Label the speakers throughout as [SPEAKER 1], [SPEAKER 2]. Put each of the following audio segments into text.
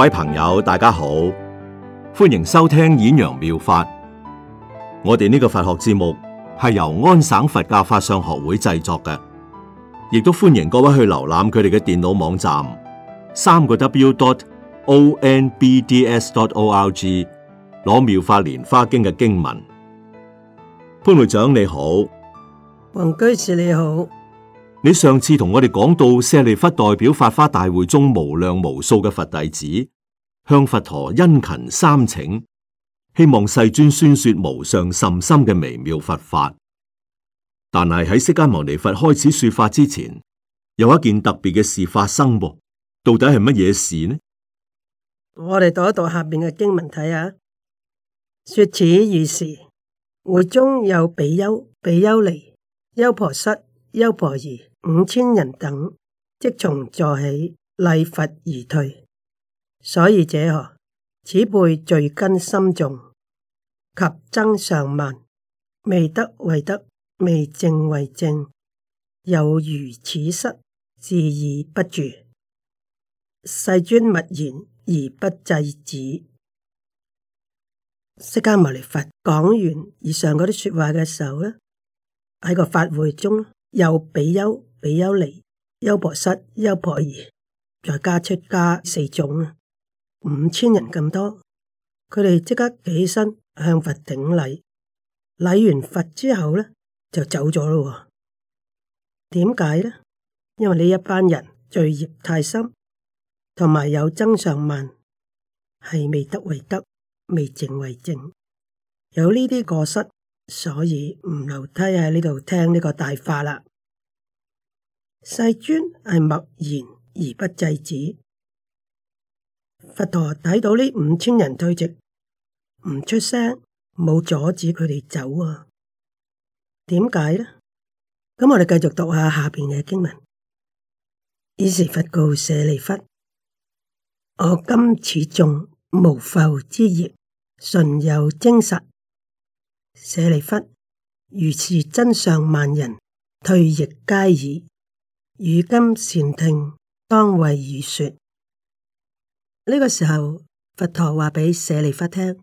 [SPEAKER 1] 各位朋友，大家好，歡迎收聽《演揚妙,妙法》。我哋呢個佛學節目係由安省佛教法相學會製作嘅，亦都歡迎各位去瀏覽佢哋嘅電腦網站，三個 w dot o n b d s dot o r g 攞《妙法蓮花經》嘅經文。潘會長你好，黃
[SPEAKER 2] 居士你好，
[SPEAKER 1] 你上次同我哋講到舍利弗代表法花大會中無量無數嘅佛弟子。向佛陀殷勤三請，希望世尊宣說無上甚深嘅微妙佛法。但係喺釋迦牟尼佛開始說法之前，有一件特別嘅事發生。噉，到底係乜嘢事呢？
[SPEAKER 2] 我哋讀一讀下邊嘅經文睇下。說此語時，會中有比丘、比丘尼、優婆塞、優婆夷五千人等，即從座起，禮佛而退。所以者何，此輩罪根深重，及增上慢，未得為得，未正為正，有如此失，自疑不住。世尊勿言而不制止。釋迦牟尼佛講完以上嗰啲說話嘅時候呢，喺個法會中，有比丘、比丘尼、優婆塞、優婆夷，在家出家四種五千人咁多，佢哋即刻起身向佛頂禮，禮完佛之後咧就走咗咯。點解呢？因為呢一班人罪孽太深，同埋有增上慢，係未得為得，未淨為淨，有呢啲過失，所以唔留梯喺呢度聽呢個大法啦。世尊係默然而不制止。佛陀睇到呢五千人退席，唔出聲，冇阻止佢哋走啊？點解呢？咁我哋繼續讀下下邊嘅經文。爾時佛告舍利弗：我今此眾無復枝葉，純有貞實。舍利弗，如是增上慢人退亦佳矣。汝今善聽，當為汝說。呢個時候，佛陀話畀舍利弗聽，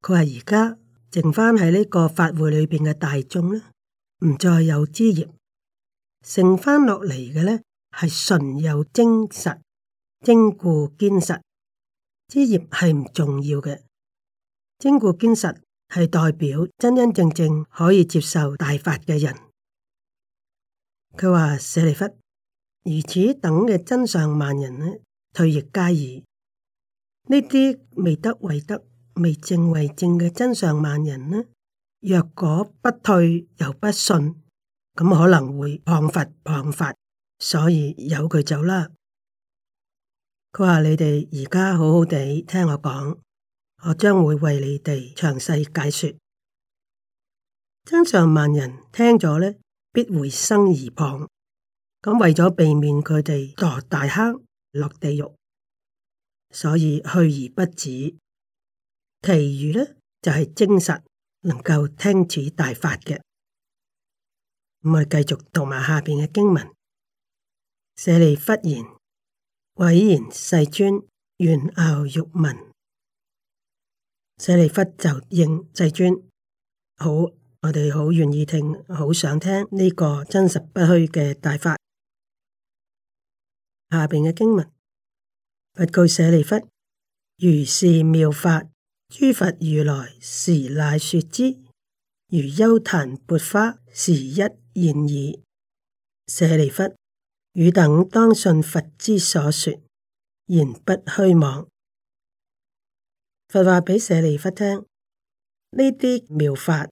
[SPEAKER 2] 佢話而家剩返喺呢個法會裏邊嘅大眾呢，唔再有枝葉，剩返落嚟嘅呢，係純有貞實、貞固堅實，枝葉係唔重要嘅。貞固堅實係代表真真正正可以接受大法嘅人。佢話舍利弗，如此等嘅增上慢人呢，退亦佳矣。呢啲未得為得、未正為正嘅增上慢人呢，若果不退又不信，咁可能會謗法謗法，所以由佢走啦。佢話：你哋而家好好地聽我講，我將會為你哋詳細解説增上慢人。聽咗呢，必會生疑謗。咁為咗避免佢哋墮大坑、落地獄。所以去而不止，其餘呢，就係、是、真實能夠聽此大法嘅、嗯。我哋繼續讀埋下邊嘅經文。舍利弗言：唯然世尊，願樂欲聞。舍利弗就應世尊，好，我哋好願意聽，好想聽呢個真實不虛嘅大法。下邊嘅經文。佛告舍利弗：如是妙法，諸佛如來時乃說之，如優曇鉢花時一現耳。舍利弗，汝等當信佛之所說，言不虛妄。佛話畀舍利弗聽：呢啲妙法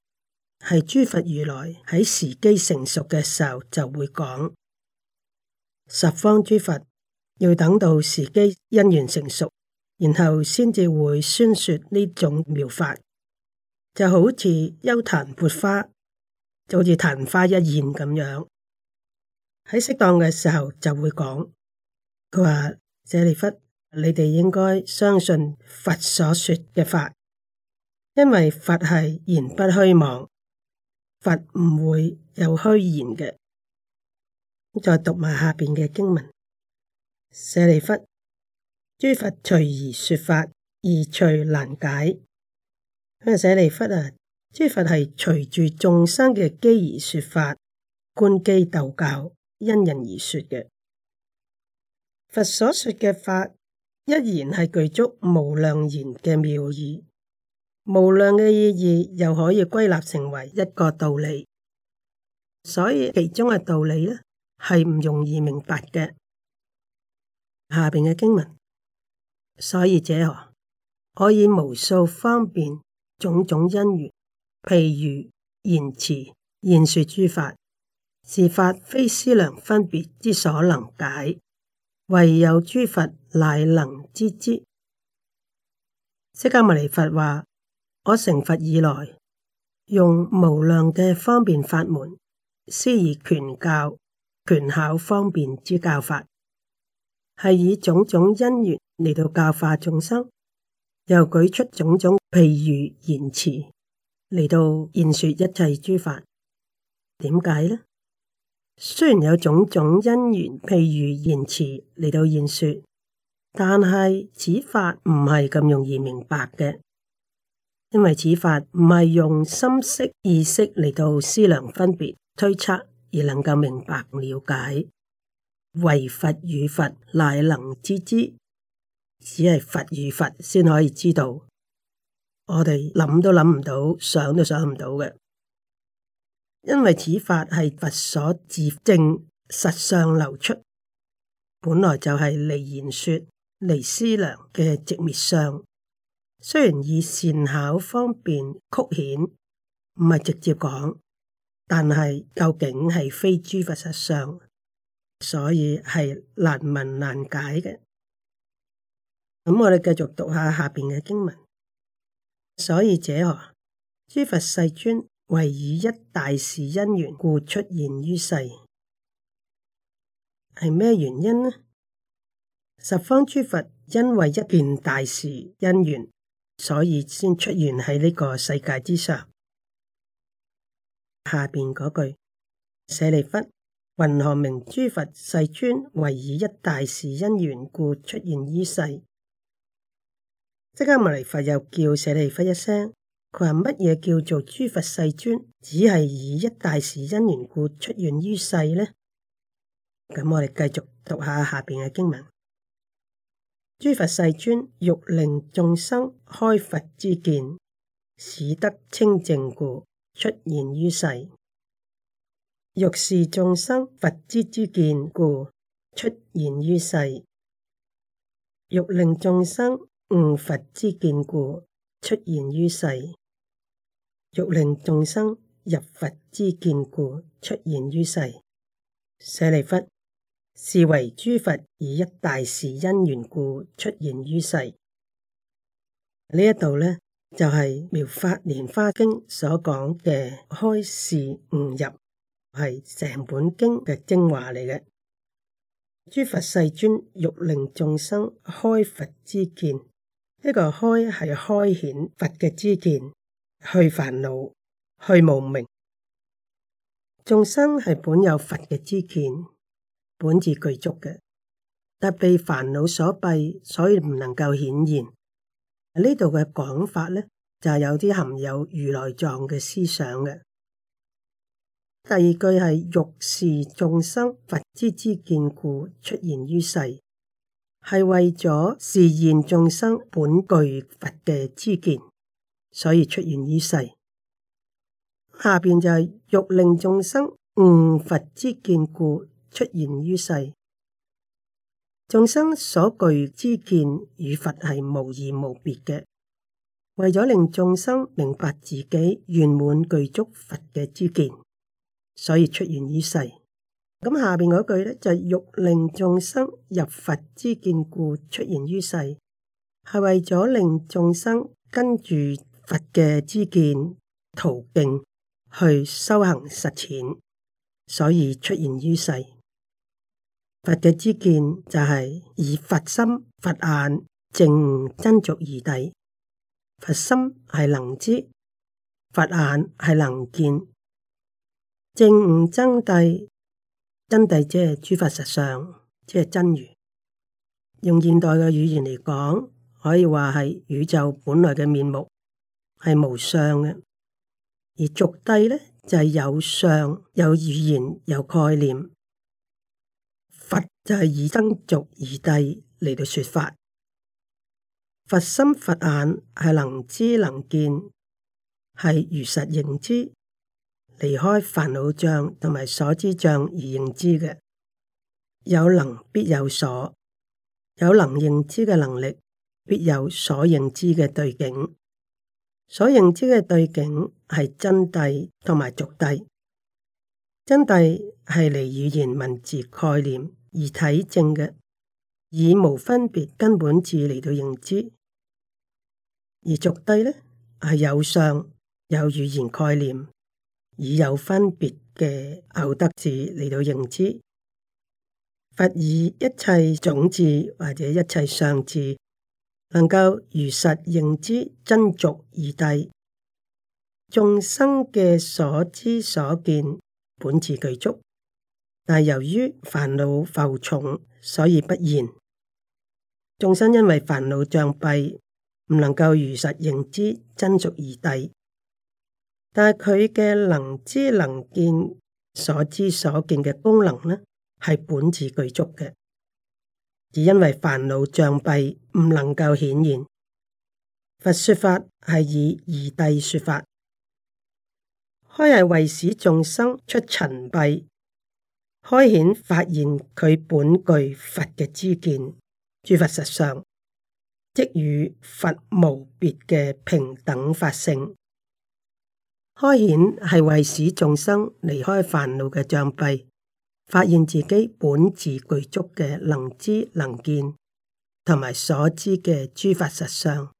[SPEAKER 2] 係諸佛如來喺時機成熟嘅時候就會講。十方諸佛。要等到時機因緣成熟，然後先至會宣說呢種妙法，就好似優曇缽花，就好似曇花一現咁樣。喺適當嘅時候就會講。佢話：「舍利弗，你哋應該相信佛所說嘅法，因為佛係言不虛妄，佛唔會有虛言嘅。再讀埋下邊嘅經文。舍利弗，諸佛隨而說法，意趣難解。咁啊，舍利弗啊，諸佛係隨住眾生嘅機而說法，觀機逗教，因人而說嘅。佛所說嘅法，一言係具足無量言嘅妙義，無量嘅意義又可以歸納成為一個道理，所以其中嘅道理呢，係唔容易明白嘅。下邊嘅經文，所以者何，我以無數方便種種因緣，譬如言辭、言說、諸法是法，法非思量分別之所能解，唯有諸佛乃能知之，之。釋迦牟尼佛話：我成佛以來，用無量嘅方便法門，施以權教、權巧方便之教法。係以種種因緣嚟到教化眾生，又舉出種種譬喻言辭嚟到言說一切諸法。點解呢？雖然有種種因緣譬喻言辭嚟到言說，但係此法唔係咁容易明白嘅，因為此法唔係用心識意識嚟到思量分別推測而能夠明白了解。唯佛與佛乃能知之，只係佛與佛先可以知道。我哋諗都諗唔到，想都想唔到嘅，因為此法係佛所自證實相流出，本來就係離言說、離思量嘅直滅相。雖然以善巧方便曲顯，唔係直接講，但係究竟係非諸法實相。所以係難聞難解嘅，咁我哋繼續讀下下邊嘅經文。所以者何？諸佛世尊為以一大事因緣故出現於世，係咩原因呢？十方諸佛因為一件大事因緣，所以先出現喺呢個世界之上。下邊嗰句，舍利弗。云何名諸佛世尊唯以一大事因緣故出現於世？釋迦牟尼佛又叫舍利弗一聲，佢話乜嘢叫做諸佛世尊？只係以一大事因緣故出現於世呢？咁我哋繼續讀下下邊嘅經文：諸佛世尊欲令眾生開佛之見，使得清淨故，出現於世。欲示眾生佛之知見故出現於世，欲令眾生悟佛知見故出現於世，欲令眾生入佛知見故出現於世。舍利弗，是為諸佛以一大事因緣故出現於世。呢一度呢，就係《妙法蓮華經》所講嘅開示悟入。係成本經嘅精華嚟嘅，諸佛世尊欲令眾生開佛之見，呢個開係開顯佛嘅知見，去煩惱，去無明。眾生係本有佛嘅知見，本自具足嘅，但被煩惱所蔽，所以唔能夠顯現。呢度嘅講法咧，就有啲含有如來藏嘅思想嘅。第二句，係欲示眾生佛之知見故出現於世，係為咗示現眾生本具佛嘅知見，所以出現於世。下邊就係、是、欲令眾生悟佛之見故出現於世，眾生所具知見與佛係無異無別嘅，為咗令眾生明白自己圓滿具足佛嘅知見。所以出現於世，咁下邊嗰句咧就係、欲令眾生入佛知見故出現於世，係為咗令眾生跟住佛嘅知見途徑去修行實踐，所以出現於世。佛嘅知見就係、是、以佛心、佛眼正真俗二諦，佛心係能知，佛眼係能見。正悟真諦，真諦即係諸法實相，即係真如。用現代嘅語言嚟講，可以話係宇宙本來嘅面目係無相嘅，而俗諦咧就係、是、有相、有語言、有概念。佛就係以僧俗二諦嚟到說法。佛心佛眼係能知能見，係如實認知。離開煩惱障同埋所知障而認知嘅，有能必有所，有能認知嘅能力，必有所認知嘅對境。所認知嘅對境係真諦同埋俗諦。真諦係離語言文字概念而體證嘅，以無分別根本智嚟到認知。而俗諦呢，係有相、有語言概念。以有分別嘅偶得智嚟到認知，佛以一切種智或者一切相智，能夠如實認知真俗二諦，眾生嘅所知所見本自具足，但由於煩惱浮重，所以不現。眾生因為煩惱障蔽，唔能夠如實認知真俗二諦。但係佢嘅能知能見、所知所見嘅功能呢，係本自具足嘅，只因為煩惱障蔽唔能夠顯現。佛說法係以二諦說法，開係為使眾生出塵蔽，開顯發現佢本具佛嘅知見，諸佛實相，即與佛無別嘅平等法性。開顯係為使眾生離開煩惱嘅障蔽，發現自己本自具足嘅能知能見，同埋所知嘅諸法實相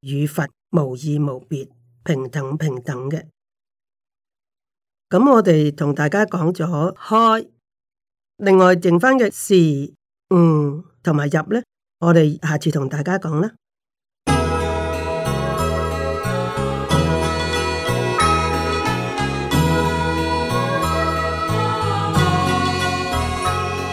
[SPEAKER 2] 與佛無異無別，平等平等嘅。咁我哋同大家講咗開，另外剩翻嘅事，嗯，同埋入呢，我哋下次同大家講啦。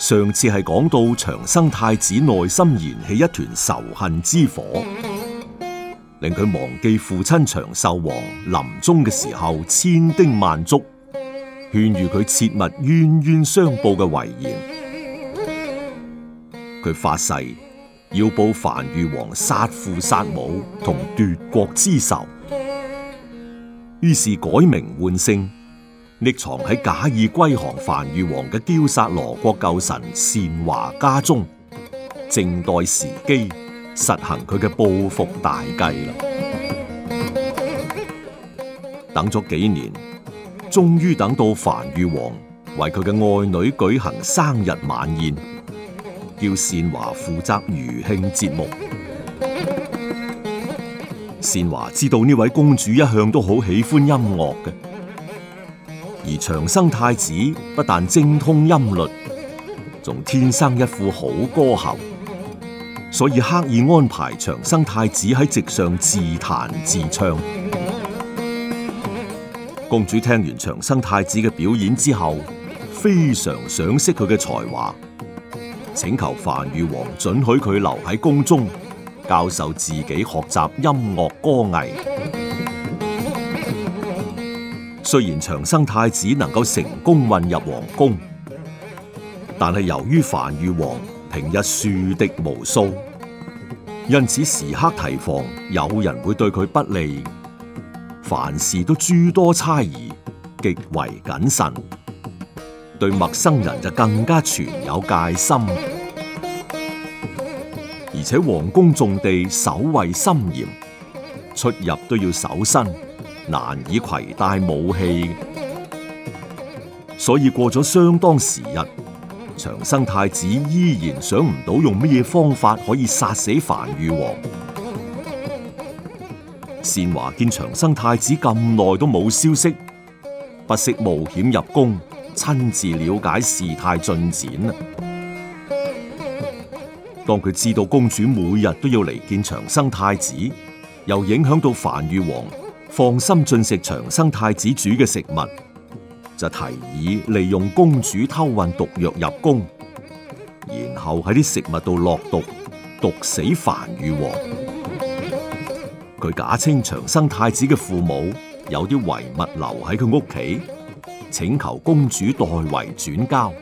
[SPEAKER 1] 上次係講到長生太子內心燃起一團仇恨之火，令佢忘記父親長壽王臨終嘅時候千叮萬囑勸喻佢切勿冤冤相報嘅遺言。佢發誓要報梵豫王殺父殺母同奪國之仇，於是改名換姓。匿藏喺假意歸降梵豫王嘅拘薩羅國舊臣善華家中，靜待時機，實行佢嘅報復大計啦。等咗幾年，終於等到梵豫王為佢嘅愛女舉行生日晚宴，叫善華負責餘興節目。善華知道呢位公主一向都好喜歡音樂嘅。而長生太子不但精通音律，仲天生一副好歌喉，所以刻意安排長生太子喺席上自彈自唱。公主聽完長生太子嘅表演之後，非常賞識佢嘅才華，請求梵豫王准許佢留喺宮中，教授自己學習音樂歌藝。雖然長生太子能夠成功混入皇宮，但係由於梵豫王平日樹敵無數，因此時刻提防有人會對佢不利，凡事都諸多猜疑，極為謹慎，對陌生人就更加存有戒心，而且皇宮重地守衛森嚴，出入都要守身。難以携帶武器，所以過咗相當時日，長生太子依然想唔到用咩嘢方法可以殺死梵豫王。善華見長生太子咁耐都冇消息，不惜冒險入宮，親自了解事態進展啊！當佢知道公主每日都要嚟見長生太子，又影響到梵豫王。放心進食長生太子煮嘅食物，就提議利用公主偷運毒藥入宮，然後喺啲食物度落毒，毒死梵豫王。佢假稱長生太子嘅父母有啲遺物留喺佢屋企，請求公主代為轉交。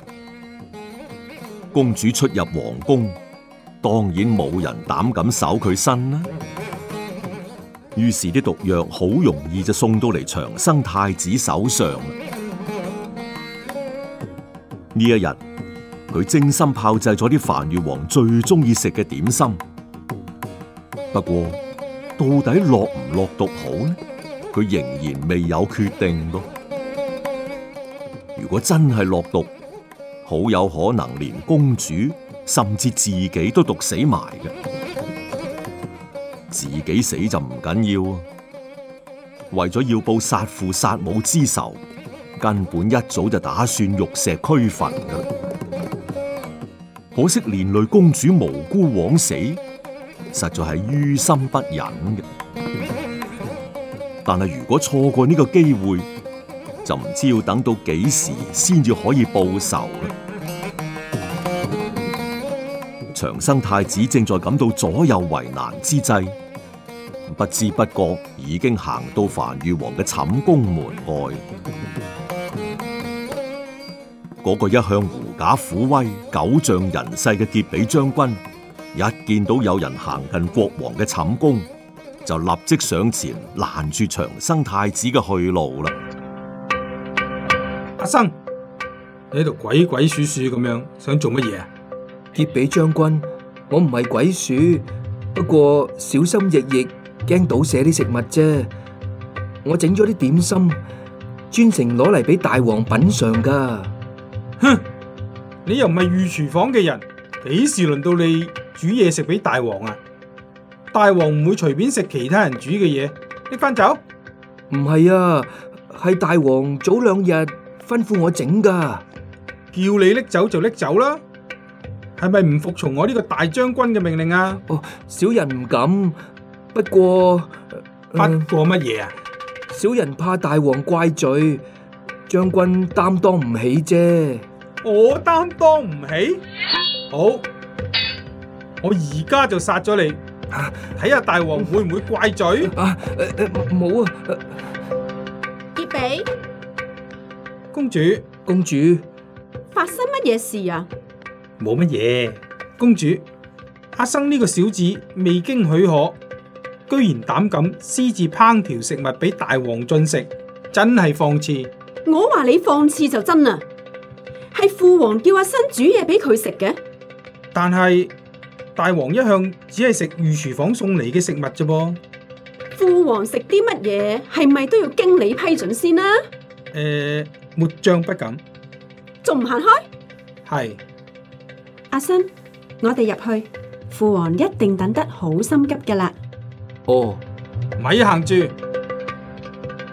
[SPEAKER 1] 公主出入皇宮，當然冇人膽敢搜佢身啦。於是啲毒藥好容易就送到嚟長生太子手上。呢一日，佢精心炮製咗啲番月王最中意食嘅點心。不過，到底落唔落毒好呢？佢仍然未有決定咯。如果真係落毒，好有可能連公主甚至自己都毒死埋嘅。自己死就唔緊要啊，為咗要報殺父殺母之仇，根本一早就打算玉石俱焚噶。可惜連累公主無辜枉死，實在係於心不忍嘅。但係如果錯過呢個機會，就唔知要等到幾時先至可以報仇。長生太子正在感到左右為難之際，不知不覺已經行到梵豫王嘅寢宮門外。嗰、那個一向狐假虎威、狗仗人勢嘅傑比將軍，一見到有人行近國王嘅寢宮，就立即上前攔住長生太子嘅去路啦。
[SPEAKER 3] 阿生，你喺度鬼鬼祟祟咁樣，想做乜嘢啊？結俾將軍，我唔係鬼鼠，不過小心翼翼，驚倒瀉啲食物啫。我整咗啲點心，專程攞嚟俾大王品嘗噶。哼，你又唔係御廚房嘅人，幾時輪到你煮嘢食俾大王啊？大王唔會隨便食其他人煮嘅嘢，拎翻走。唔係啊，係大王早兩日吩咐我整噶，叫你拎走就拎走啦。係咪唔服從我呢個大將軍嘅命令啊？哦，oh, 小人唔敢。不過。不過乜嘢啊？小人怕大王怪罪，將軍擔當唔起啫。oh, 我擔當唔起？好，我而家就殺咗你，睇下 大王會唔會怪罪？啊，冇啊。傑比，公主，公主，公主發生乜嘢事啊？冇乜嘢，公主，阿生呢個小子未經許可，居然膽敢私自烹調食物俾大王進食，真係放肆！我話你放肆就真啦，係父王叫阿生煮嘢俾佢食嘅。但係大王一向只係食御廚房送嚟嘅食物啫噃。父王食啲乜嘢，係咪都要經你批准先啊？誒、呃，末將不敢。仲唔行開？係。阿生，我哋入去，父王一定等得好心急噶啦。哦，咪行住，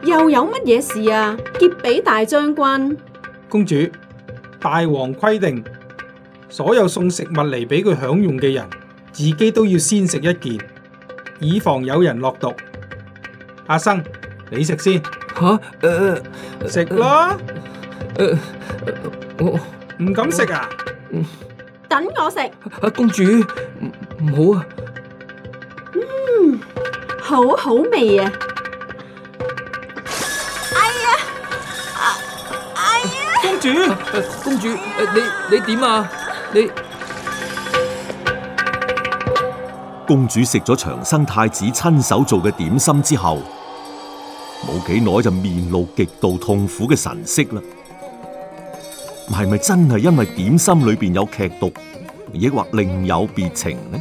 [SPEAKER 3] 又有乜嘢事啊？劫俾大將軍。公主，大王規定，所有送食物嚟俾佢享用嘅人，自己都要先食一件，以防有人落毒。阿生，你食先。吓，食啦。我唔敢食啊。等我食，公主唔好啊！嗯，好好味啊、哎！哎呀，啊主，哎呀！公主，哎呀，公主，你你點啊？你，你
[SPEAKER 1] 公主食咗長生太子親手做嘅點心之後，冇幾耐就面露極度痛苦嘅神色啦。係咪真係因為點心裏邊有劇毒，抑或另有別情呢？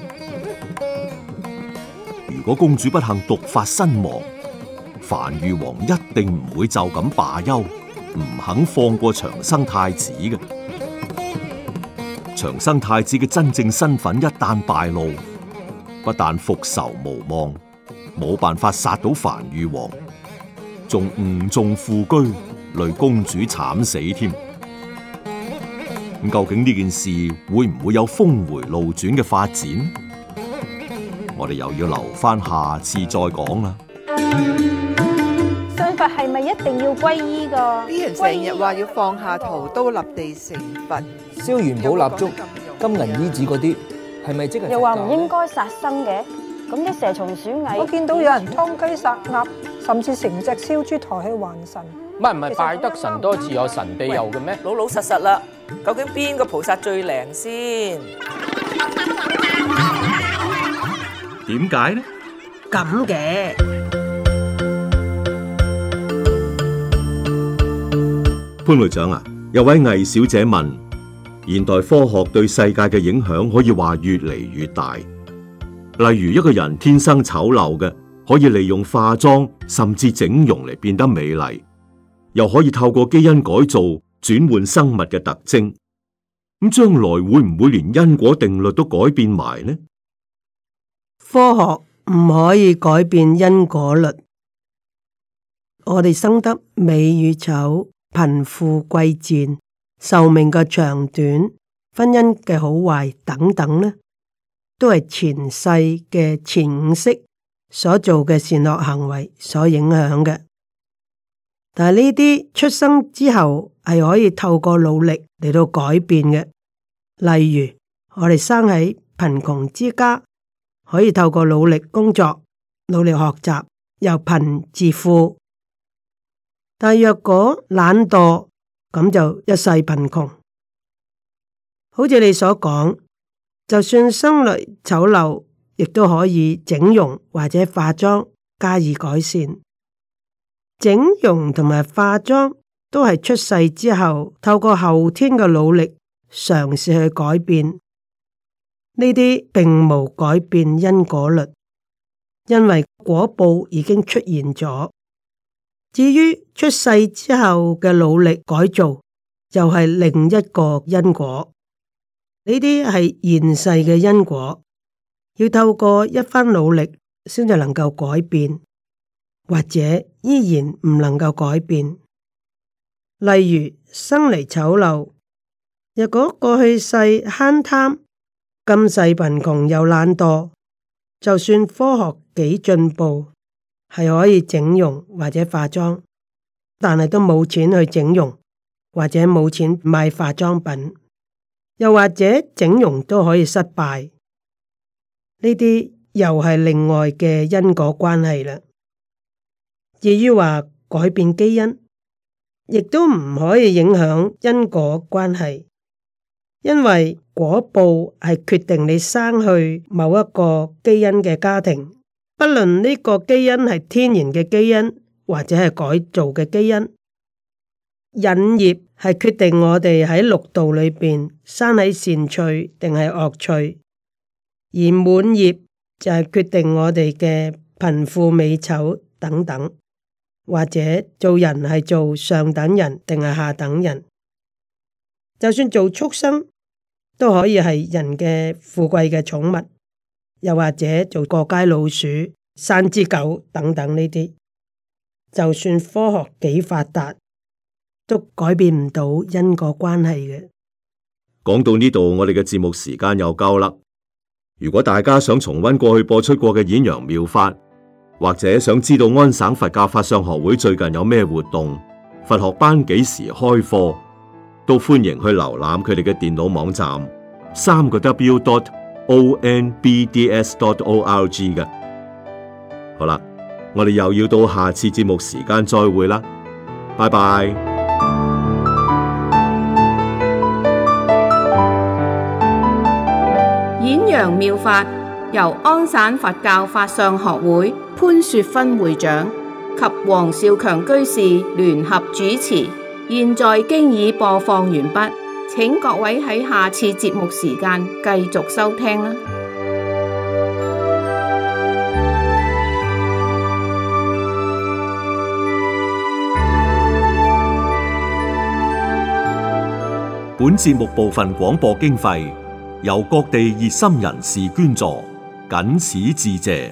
[SPEAKER 1] 如果公主不幸毒發身亡，樊玉王一定唔會就咁罷休，唔肯放過長生太子嘅。長生太子嘅真正身份一旦敗露，不但復仇無望，冇辦法殺到樊玉王，仲誤中副車，累公主慘死添。究竟呢件事會唔會有峰回路轉嘅發展？我哋又要留翻下，下次再講啦。
[SPEAKER 3] 信佛係咪一定要皈依噶？啲人成日話要放下屠刀立地成佛，燒元寶蠟燭、金銀衣紙嗰啲係咪即係？又話唔應該殺生嘅，咁啲蛇蟲鼠蟻，我見到有人劏雞殺鴨，甚至成隻燒豬抬去還神。唔係唔係，拜得神
[SPEAKER 1] 多似有神庇佑嘅咩？喂老老實實啦。究竟邊個菩薩最靈先？點解呢？咁嘅潘會長啊，有位魏小姐問：現代科學對世界嘅影響可以話越嚟越大。例如，一個人天生醜陋嘅，可以利用化妝甚至整容嚟變得美麗，又可以透過基因改造。轉換生物嘅特徵，咁將來會唔會連因果定律都改變埋呢？
[SPEAKER 2] 科學唔可以改變因果律。我哋生得美與醜、貧富貴賤、壽命嘅長短、婚姻嘅好壞等等呢，都係前世嘅前五識所做嘅善惡行為所影響嘅。但係呢啲出生之後係可以透過努力嚟到改變嘅，例如我哋生喺貧窮之家，可以透過努力工作、努力學習，由貧致富。但若果懶惰，咁就一世貧窮。好似你所講，就算生來醜陋，亦都可以整容或者化妝加以改善。整容同埋化妝都係出世之後透過後天嘅努力嘗試去改變呢啲，並無改變因果律，因為果報已經出現咗。至於出世之後嘅努力改造，就係另一個因果。呢啲係現世嘅因果，要透過一番努力先至能夠改變。或者依然唔能夠改變，例如生嚟醜陋，若果過去世慳貪，今世貧窮又懶惰，就算科學幾進步，係可以整容或者化妝，但係都冇錢去整容或者冇錢買化妝品，又或者整容都可以失敗，呢啲又係另外嘅因果關係啦。至於話改變基因，亦都唔可以影響因果關係，因為果報係決定你生去某一個基因嘅家庭，不論呢個基因係天然嘅基因或者係改造嘅基因。引業係決定我哋喺六道裏邊生喺善趣定係惡趣，而滿業就係決定我哋嘅貧富美醜等等。或者做人係做上等人定係下等人，就算做畜生都可以係人嘅富貴嘅寵物，又或者做過街老鼠、山豬狗等等呢啲，就算科學幾發達，都改變唔到因果關係嘅。
[SPEAKER 1] 講到呢度，我哋嘅節目時間又夠啦。如果大家想重溫過去播出過嘅《演揚妙法》。或者想知道安省佛教法相學會最近有咩活動、佛學班幾時開課，都歡迎去瀏覽佢哋嘅電腦網站，三個 w.dot.o.n.b.d.s.dot.o.r.g 嘅。好啦，我哋又要到下次節目時間再會啦，拜拜。
[SPEAKER 3] 演揚妙法由安省佛教法相學會。潘雪芬會長及黃少強居士聯合主持，現在經已播放完畢，請各位喺下次節目時間繼
[SPEAKER 2] 續收聽啦。
[SPEAKER 1] 本節目部分廣播經費由各地熱心人士捐助，謹此致謝。